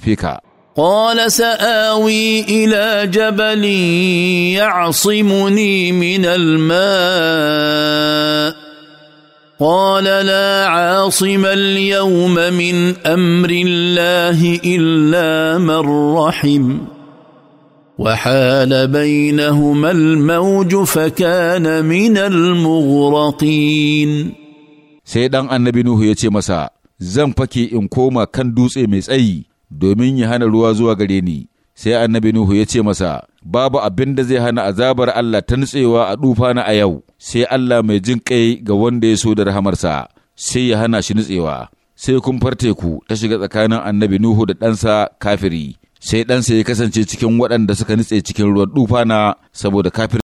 فيك قال سآوي إلى جبل يعصمني من الماء قال لا عاصم اليوم من أمر الله إلا من رحم وحال بينهما الموج فكان من المغرقين سيدان النبي نوح يتي مسا زنفكي إن كوما كان دوسي أي domin ya hana ruwa zuwa gare ni sai annabi Nuhu ya ce masa babu abin da zai hana azabar Allah ta nutsewa a dufa na a yau sai Allah mai jin kai ga wanda ya so da rahamarsa sai ya hana shi nutsewa sai kun kumfar teku ta shiga tsakanin annabi Nuhu da ɗansa kafiri sai ɗansa ya kasance cikin waɗanda suka nutse cikin ruwan dufana saboda kafiri.